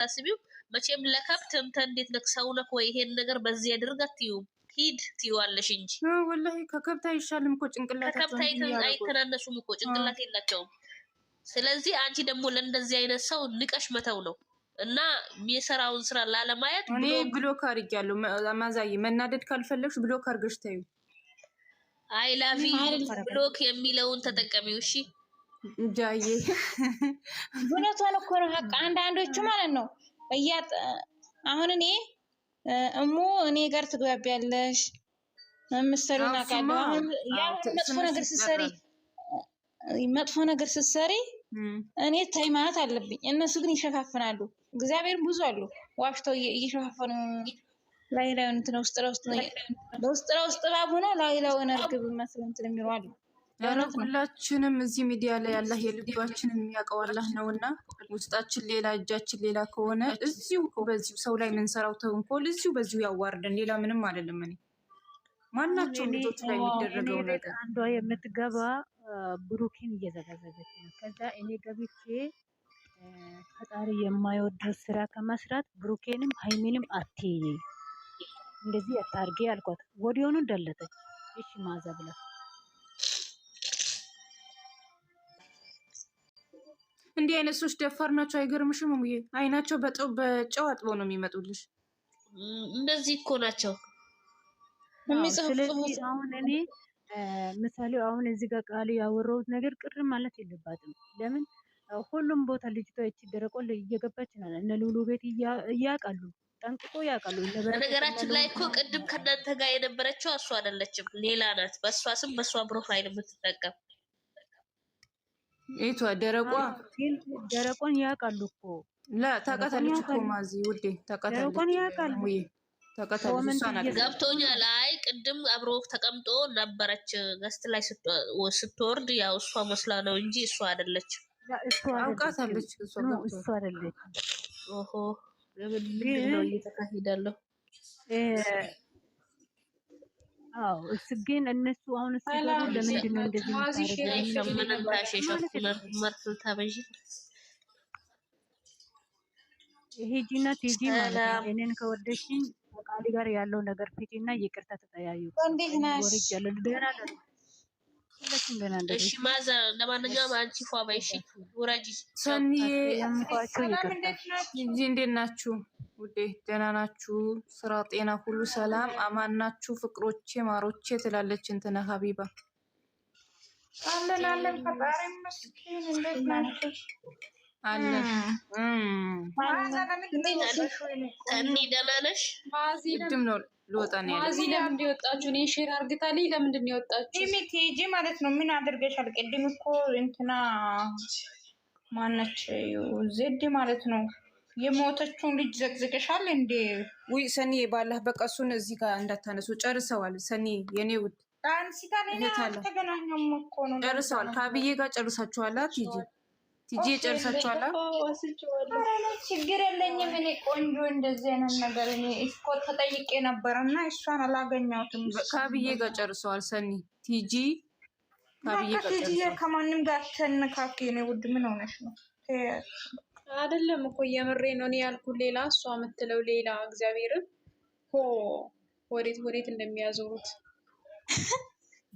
ስታስቢው መቼም ለካብ ተምተህ እንዴት ነክ ሰው ነክ ወይ ይሄን ነገር በዚህ ያደርግ አትዩም ሂድ ትይዋለሽ እንጂ ወላሂ ከከብት አይሻልም እኮ ጭንቅላት ከከብት አይተናነሱም እኮ ጭንቅላት የላቸውም። ስለዚህ አንቺ ደግሞ ለእንደዚህ አይነት ሰው ንቀሽ መተው ነው እና የሰራውን ስራ ላለማየት እኔ ብሎክ አድርጊያለሁ። ማዛዬ መናደድ ካልፈለግሽ ብሎክ አድርገሽ ተይው። አይ ላቪ ብሎክ የሚለውን ተጠቀሚው እሺ። ጃዬ እውነቷን እኮ ነው። ሀቅ አንዳንዶቹ ማለት ነው እያጥ አሁን እኔ እሙ እኔ ጋር ትግባቢያለሽ ምሰሪና ቃሉ አሁን መጥፎ ነገር ስትሰሪ መጥፎ ነገር ስትሰሪ እኔ ተይ ማለት አለብኝ። እነሱ ግን ይሸፋፍናሉ። እግዚአብሔር ብዙ አሉ ዋሽተው እየሸፋፈኑ ላይ ላይ እንትን ውስጥ ለውስጥ ነው ለውስጥ ለውስጥ ባቡ ነው ላይ ላይ እርግብ መስሎ እንትን የሚሉ አሉ ያለ ሁላችንም እዚህ ሚዲያ ላይ አላህ የልባችን የሚያውቀው አላህ ነው እና ውስጣችን ሌላ እጃችን ሌላ ከሆነ እዚሁ በዚሁ ሰው ላይ የምንሰራው ተንኮል እዚሁ በዚሁ ያዋርደን። ሌላ ምንም አይደለም። እኔ ማናቸውም ልጆች ላይ የሚደረገው ነገር አንዷ የምትገባ ብሩኪን እየዘጋዘገች ነው። ከዛ እኔ ገብቼ ፈጣሪ የማይወደው ስራ ከመስራት ብሩኬንም ሀይሜንም አትይ እንደዚህ አታርጌ አልኳት። ወዲያውኑ ደለተች። እሺ ማዘብላት እንዲህ አይነት ሰዎች ደፋር ናቸው። አይገርምሽም? ሙ አይናቸው በጨው አጥበው ነው የሚመጡልሽ። እንደዚህ እኮ ናቸው የሚጽፉ። አሁን እኔ ምሳሌ አሁን እዚህ ጋር ቃል ያወራሁት ነገር ቅር ማለት የለባትም። ለምን ሁሉም ቦታ ልጅቷ ይቺ ደረቆ እየገባች ናለ። እነ ሉሉ ቤት እያውቃሉ፣ ጠንቅቆ ያውቃሉ። በነገራችን ላይ እኮ ቅድም ከእናንተ ጋር የነበረችው እሷ አይደለችም፣ ሌላ ናት። በእሷ ስም በእሷ ፕሮፋይል የምትጠቀም ይቷ ደረቋ ደረቋን ያውቃሉ እኮ ታውቃታለች እኮ ማዚ ውዴ ታውቃታለች ታውቃታለች። ገብቶኛል። አይ ቅድም አብሮ ተቀምጦ ነበረች ገስት ላይ ስትወርድ ያው እሷ መስላ ነው እንጂ እሷ አይደለች። አውቃታለች እሷ አይደለች። ኦሆ ምን ነው እየተካሄዳለሁ አዎ እሱ ግን እነሱ አሁን እሱ ጋር ለምንድን ነው እንደዚህ ሂጂና ሂጂ ማለት እኔን ከወደሽኝ ፈቃድ ጋር ያለው ነገር ፊጂና ይቅርታ ተጠያዩ። እሺ ማዘር፣ ለማንኛውም አንቺ ፏ በይ። እሺ ሰኒዬ እንዴት ናችሁ ውዴ? ደህና ናችሁ? ስራ፣ ጤና ሁሉ ሰላም፣ አማን ናችሁ? ፍቅሮቼ፣ ማሮቼ ትላለች እንትና ሀቢባ አለን አለን። ፈጣሪ ይመስገን። እንዴት ናችሁ? አለን ማዘር፣ ደህና ነሽ? ቅድም ነው ልወጣ ነው ያለው። እዚህ ለምንድን የወጣችሁ? እኔ ሼር አድርግታለኝ። ለምንድን ነው የወጣችሁ? ቲጂ ማለት ነው። ምን አድርገሻል? ቅድም እኮ እንትና ማነች ዜድ ማለት ነው የሞተችውን ልጅ ዘግዝቀሻል እንዴ? ውይ ሰኒ ባላህ፣ በቀሱን እዚህ ጋር እንዳታነሱ። ጨርሰዋል። ሰኒ የኔ ውድ አንስታ ተገናኘም እኮ ነው። ጨርሰዋል። ከአብዬ ጋር ጨርሳችኋላት ሂጂ ቲጂ ጨርሳችኋል? ችግር የለኝም። እኔ ቆንጆ እንደዚህ አይነት ነገር እኔ እስኮ ተጠይቄ ነበር እና እሷን አላገኘሁትም። ካብዬ ጋር ጨርሰዋል። ሰኒ ቲጂ ካብዬ ከማንም ጋር ተነካኪ እኔ ውድ ምን ሆነሽ ነው? አይደለም እኮ የምሬ ነው እኔ ያልኩ ሌላ፣ እሷ የምትለው ሌላ። እግዚአብሔርን ሆ ወዴት ወዴት እንደሚያዞሩት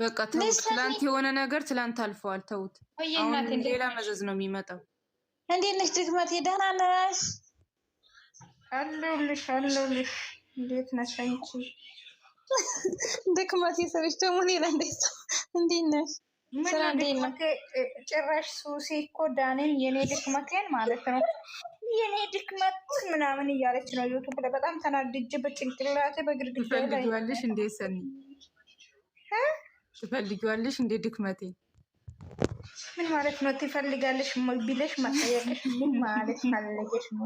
በቃ ተውት። ትላንት የሆነ ነገር ትላንት አልፈዋል። ተውት። አሁን ሌላ መዘዝ ነው የሚመጣው። እንዴት ነሽ ድክመቴ? ደህና ነሽ? አለሁልሽ አለሁልሽ። እንዴት ነሽ አንቺ ድክመቴ? ሰዎች ደግሞ ሌላ እንዴት እንዴት ነሽ? ጭራሽ ሱሴ እኮ ዳንን የኔ ድክመቴን ማለት ነው የኔ ድክመት ምናምን እያለች ነው ዩቱብ ላይ በጣም ተናድጄ በጭንቅላቴ በግርግዳ ላይ እንዴት ሰኒ ትፈልጊዋለሽ እንዴ ድክመቴ ምን ማለት ነው? ትፈልጋለሽ ቢለሽ ማጠየቅሽ ምን ማለት ፈለገሽ ነው?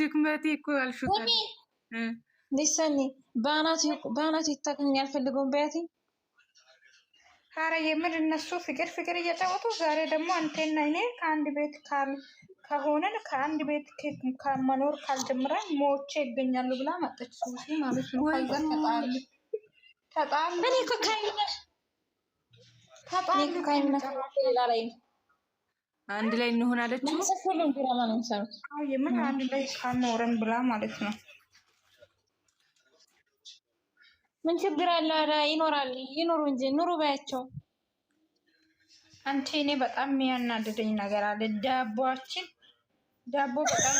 ድክመቴ እኮ አልሹታል። ሊሰኒ በአናቱ ይታቀኝ አልፈልገውም በያቴ ኧረ የምር እነሱ ፍቅር ፍቅር እየጫወቱ ዛሬ ደግሞ አንቴና እኔ ከአንድ ቤት ከሆነን ከአንድ ቤት መኖር ካልጀምራን ሞቼ ይገኛሉ ብላ መጠች ማለት ነው። ከዛን ተጣሉ ላይ ነው። አንድ ላይ እንሆን አለችው። ሁሉም ድራማ ነው የሚሰሩት። የምን አንድ ላይ እስካኖረን ብላ ማለት ነው። ምን ችግር አለ? ኧረ ይኖራል፣ ይኖሩ እንጂ ኑሩ ባያቸው። አንቺ እኔ በጣም የሚያናድደኝ ነገር አለ። ዳቦችን ዳቦ በጣም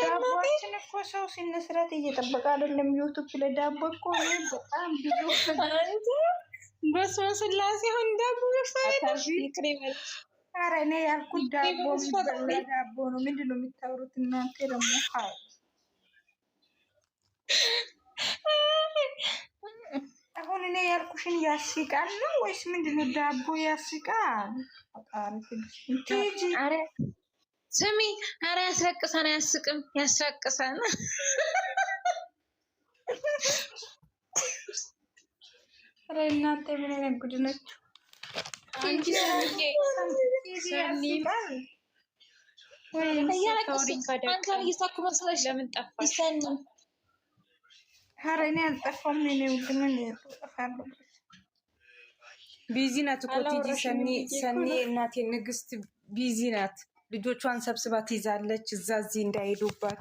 ዳቦችን እኮ ሰው ሲነስራት እየጠበቀ አይደለም። ዩቱብ ለዳቦ እኮ በጣም ብዙ በስመ ስላሴ አሁን ዳቦ ኧረ እኔ ያልኩት ዳቦ ዳቦ ነው። ምንድን ነው የሚታወሩት እናንተ ደግሞ? ሀይ አሁን እኔ ያልኩሽን ያስቃል ነው ወይስ ምንድን ነው? ዳቦ ያስቃል። ቲጂ ስሚ፣ ኧረ ያስለቅሳን፣ አያስቅም፣ ያስለቅሳን። ኧረ እናንተ ምን አይነት ጉድ ናችሁ? እየሳኩ ቢዚ ናት እኮ ቲጂ ሰኒ፣ እናቴ ንግስት ቢዚ ናት። ልጆቿን ሰብስባ ትይዛለች። እዛ እዚህ እንዳይሄዱባት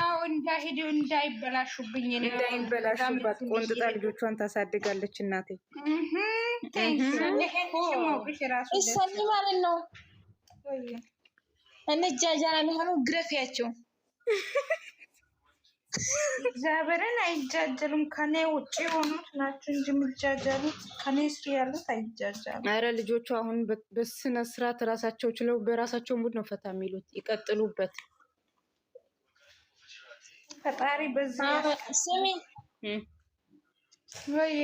አዎ፣ እንዳሄዱ እንዳይበላሹብኝ እንዳይበላሹባት ቆንጥጣ ልጆቿን ታሳድጋለች። እናቴ ይሰኒ ማለት ነው። ግረፊያቸው እግዚአብሔርን አይጃጀሉም። ከኔ ውጭ የሆኑት ናቸው እንጂ የሚጃጀሉት ከኔ ስር ያሉት አይጃጀሉም። አረ ልጆቹ አሁን በስነ ስርዓት ራሳቸው ችለው በራሳቸው ሙድ ነው ፈታ የሚሉት። ይቀጥሉበት። ፈጣሪ በዛ ስሚ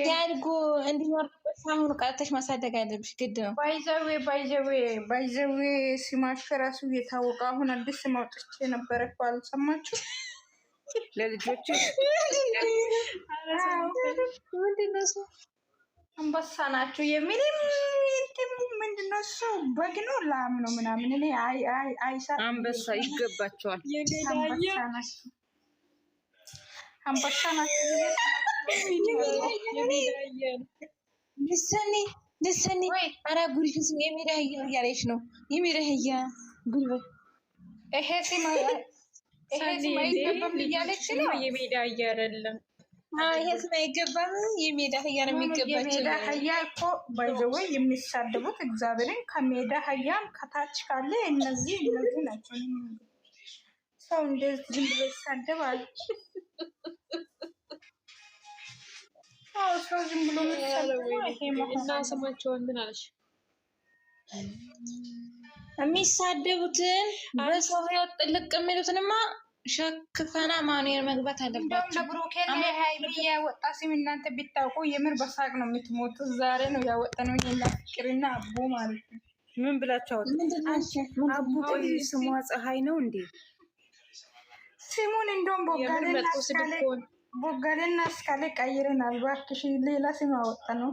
ያድጉ እንዲኖርበት። አሁን ቀጥተሽ ማሳደግ አለብሽ፣ ግድ ነው። ባይዘዌ ባይዘዌ ባይዘዌ ስማሽ ራሱ እየታወቀ አሁን አዲስ ስም አውጥቼ ነበረ እኮ አልሰማችሁ ለልጆች ምንድነው አንበሳ ናቸው የሚል ምንድነው እሱ በግ ነው ላም ነው ምናምን እኔ አይሰራ አንበሳ ይገባቸዋል። አንበሳ ናቸው ልሰኒ ልሰኒ አራ ጉሪሽስ የሚረህያ እያለች ነው የሚረህያ ጉልበት ይሄ ሲማ የሜዳ አህያ አይደለም። ይሄ ስም አይገባም። የሜዳ አህያ ነው የሚገባቸው። የሜዳ አህያ እኮ ባይዘወ የሚሳደቡት እግዚአብሔርን ከሜዳ አህያም ከታች ካለ እነዚህ እነዚህ ናቸው። ሰው እንደዚህ ዝም ብሎ ይሳደባል። ሰው ዝም ብሎ ይሳደባል እና ስማቸው እንትን አለች የሚሳደቡትን በሰው ህይወት ጥልቅ የሚሉትንማ ሸክፈና ማኑኤል መግባት አለባቸው። ለብሩኬ ሀይሚ ያወጣ ሲም እናንተ ቢታውቁ የምር በሳቅ ነው የምትሞቱ። ዛሬ ነው ያወጣ ነው ና ፍቅርና አቦ ማለት ነው። ምን ብላቸው አቡ ስሟ ፀሐይ ነው እንዴ? ስሙን እንደውም ቦጋለና እስካለ ቀይረናል። እባክሽ ሌላ ስም አወጣ ነው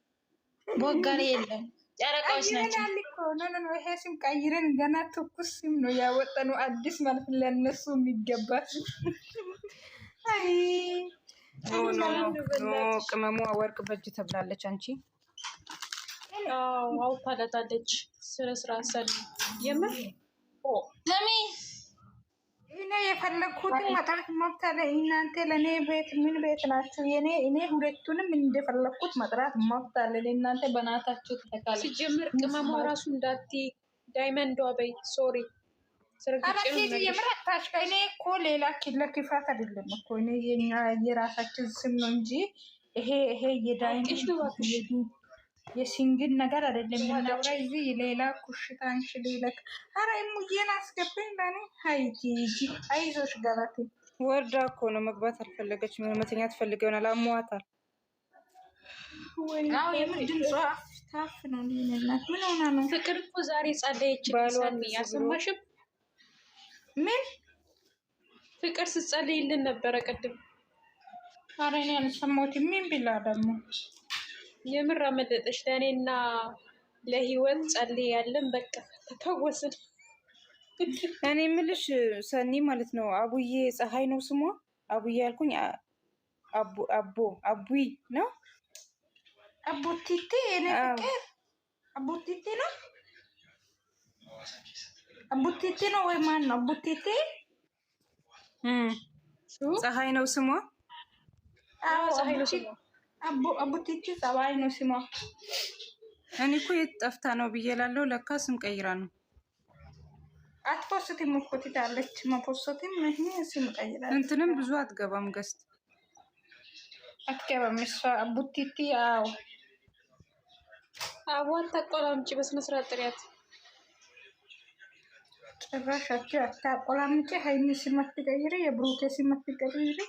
ቦጋሌ የለም። ጨረቃዎች ናቸው። ይሄ ስም ቀይረን ገና ትኩስ ስም ነው ያወጣነው። አዲስ ማለት ለነሱ የሚገባ ቅመሟ ወርቅ በእጅ ተብላለች። አንቺ አውታላታለች። ስነ ስርዓት ሰል የምር ተሜ እኔ የፈለግኩትን መጥራት መብት እናንተ ለእኔ ቤት ምን ቤት ናችሁ? እኔ ሁለቱንም እንደፈለግኩት መጥራት መብት አለኝ። እናንተ በናታችሁ ተተካለ ሲጀምር ቅመሟ ራሱ እንዳት ዳይመንዷ በይ ሶሪ እኔ እኮ ሌላ አይደለም እኮ እኔ የራሳችን ስም ነው እንጂ ይሄ ይሄ የዳይመንድ የሲንግል ነገር አይደለም የምናውራ እዚህ ሌላ ኩሽታንሽ ሌላ አረ ሙዬን አስገብኝ ለኔ ሀይቲ አይዞሽ ገባት ወርዳ እኮ ነው መግባት አልፈለገች መተኛ ትፈልግ ይሆናል አሟታል ታፍ ነው ልናት ምን ሆና ነው ፍቅር እኮ ዛሬ ጸለየች ያሰማሽም ምን ፍቅር ስትጸልይልን ነበረ ቅድም አረ እኔ አልሰማሁትም ምን ደግሞ የምር አመለጠች። ለእኔና ለህይወት ያለን በቃ ተፈወስን። እኔ ምልሽ ሰኒ ማለት ነው አቡዬ ፀሐይ ነው ስሟ። አቡዬ ያልኩኝ አቦ አቡይ ነው አቦቲቴ ፍቅር አቦቲቴ ነው አቦቲቴ ነው ወይ ማን ነው አቦቲቴ? ፀሐይ ነው ስሟ። ፀሐይ ነው ስሟ። አቡቲቲ ጸባይ ነው ስማ። እኔ እኮ የት ጠፍታ ነው ብዬ ላለው ለካ ስም ቀይራ ነው። አትፖስትም እኮ ትታለች። መፖስትም ስም ቀይራ እንትንም ብዙ አትገባም፣ ገስት አትገባም። እሷ አቡቴቲ አዎ፣ አቧን ታቆላምጪ በስነ ስርዓት ጥሪያት። ጭራሽ አታቆላምጪ። ሀይሚ ስም አትቀይሪ፣ የብሩኬ ስም አትቀይሪ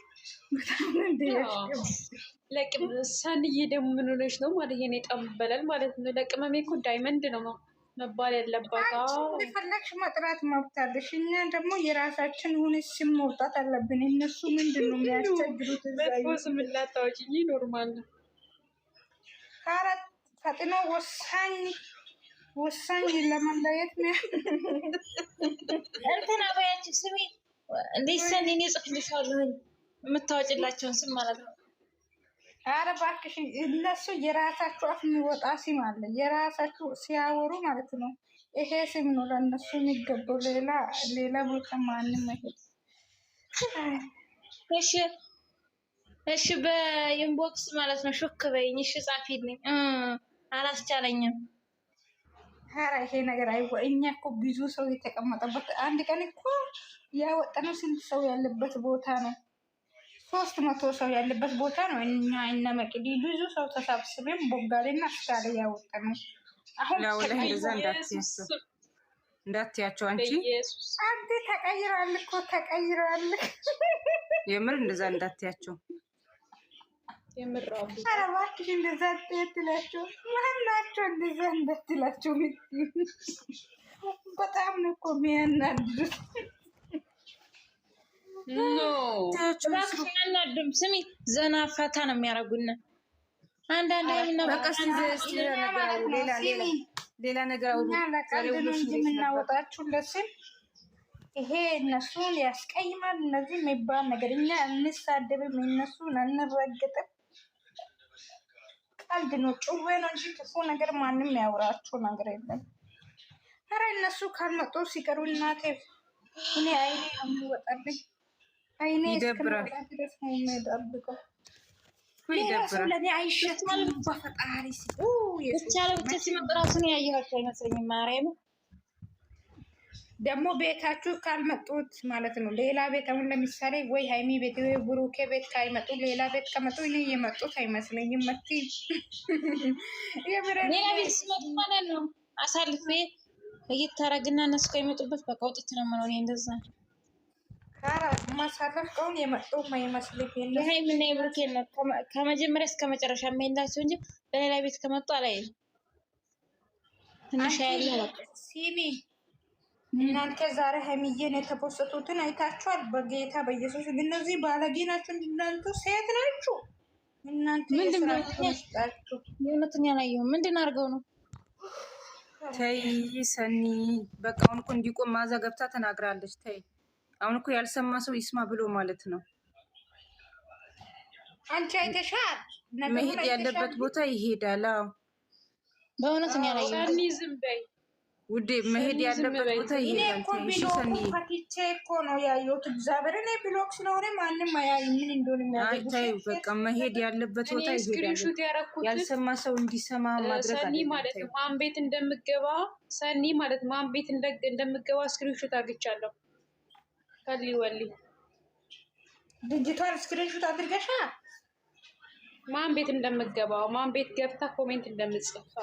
ለቅም ሰንዬ ደግሞ ምን ሆነች ነው ማለት የኔ ጣም ማለት ነው። ለቅመሜ እኮ ዳይመንድ ነው መባል ያለባት። ፈለግሽ መጥራት መብታለሽ። እኛ ደግሞ የራሳችን ሁን ስም መውጣት አለብን። እነሱ ምንድን ነው የሚያስቸግሩት? መጥፎ ስም ላታወጪ ኖርማል ነው። አራት ፈጥኖ ወሳኝ ወሳኝ ለመለየት ነው እንትን አበያችን ስሜ እንዴት ሰን እኔ ጽፍልሻለሁ የምታወጭላቸውን ስም ማለት ነው። ኧረ እባክሽ እነሱ የራሳችሁ አፍ የሚወጣ ስም አለ። የራሳችሁ ሲያወሩ ማለት ነው። ይሄ ስም ነው ለእነሱ የሚገባው። ሌላ ሌላ ቦታ ማንም አይሄድ። እሺ እሺ፣ በኢንቦክስ ማለት ነው። ሹክ በይኝ እሺ፣ ጻፊልኝ። አላስቻለኝም። ኧረ ይሄ ነገር አይወ እኛ እኮ ብዙ ሰው የተቀመጠበት አንድ ቀን እኮ ያወጣነው ስንት ሰው ያለበት ቦታ ነው። ሶስት መቶ ሰው ያለበት ቦታ ነው። እኛ እነ መቅዲ ብዙ ሰው ተሰብስበን ቦጋሌና ስጋሌ ያወጣ ነው። አሁን እንዳትያቸው አንቺ አንዴ ተቀይረዋል እኮ ተቀይረዋል። የምር እንደዛ እንዳትያቸው ኧረ እንደዛ ትላቸው ማናቸው እንደዛ እንዳትላቸው። በጣም ነው እኮ የሚያናድዱት። አናድም። ስሚ ዘና ፈታ ነው የሚያደርጉን። አንዳንድ ሌላ ነገር የምናወጣችሁ ለስም ይሄ እነሱን ያስቀይማል። እነዚህ የሚባል ነገር እኛ እንሳደብም፣ እነሱን አንረግጥም። ቀልድ ነው፣ ጩቤ ነው እንጂ ክፉ ነገር ማንም ያውራችሁ ነገር የለም። ኧረ እነሱ ካልመጡ ሲቀሩ እናቴ እኔ አይኔ አምወጣልኝ ይደብራል። ራሱን ማርያም ደግሞ ቤታችሁ ካልመጡት ማለት ነው። ሌላ ቤት አሁን ለምሳሌ ወይ ሀይሚ ቤት ወይ ብሩኬ ቤት ካልመጡ ሌላ ቤት ከመጡ ይህ የመጡት አይመስለኝም። መቲ ሌላ ቤት ሲመጡ ማለት ነው አሳልፌ እየተረግና እነሱ ከሚመጡበት በቃ ውጥት ነው የምንሆን እንደዛ ነው። ማሳለፍ ቀውን የመጡ ነው። ከመጀመሪያ እስከ መጨረሻ የማይላቸው እንጂ በሌላ ቤት ከመጡ ትንሽ ያለ ሲሚ እናንተ ዛሬ ሀይሚዬን የተፖሰቱትን አይታችኋል። በጌታ በኢየሱስ እነዚህ ባለጌ ሴት ናችሁ። እናንተ ያላየሁ ምንድን አድርገው ነው? ተይ ሰኒ በቃ አሁን እኮ እንዲቆም ገብታ ተናግራለች። ተይ አሁን እኮ ያልሰማ ሰው ይስማ ብሎ ማለት ነው። አንቺ አይተሻል። መሄድ ያለበት ቦታ ይሄዳል። አዎ በእውነት ነው ያለው። ሰኒ ዝም በይ ውዴ፣ መሄድ ያለበት ቦታ ይሄዳል። ትንሽ ሰኒ ፈትቼ እኮ ነው ያየሁት። እግዚአብሔር እኔ ብሎክ ስለሆነ ማንም አያይ ምን እንደሆነ የሚያደርጉ አይ፣ በቃ መሄድ ያለበት ቦታ ይሄዳል። ያልሰማ ሰው እንዲሰማ ማድረግ አለ። ሰኒ ማለት ማን ቤት እንደምገባ፣ ሰኒ ማለት ማን ቤት እንደምገባ ስክሪንሾት አግቻለሁ። ከሊ ወልይ ልጅቷን ስክሪንሹት አድርገሻ ማን ቤት እንደምትገባው ማን ቤት ገብታ ኮሜንት እንደምትጽፋ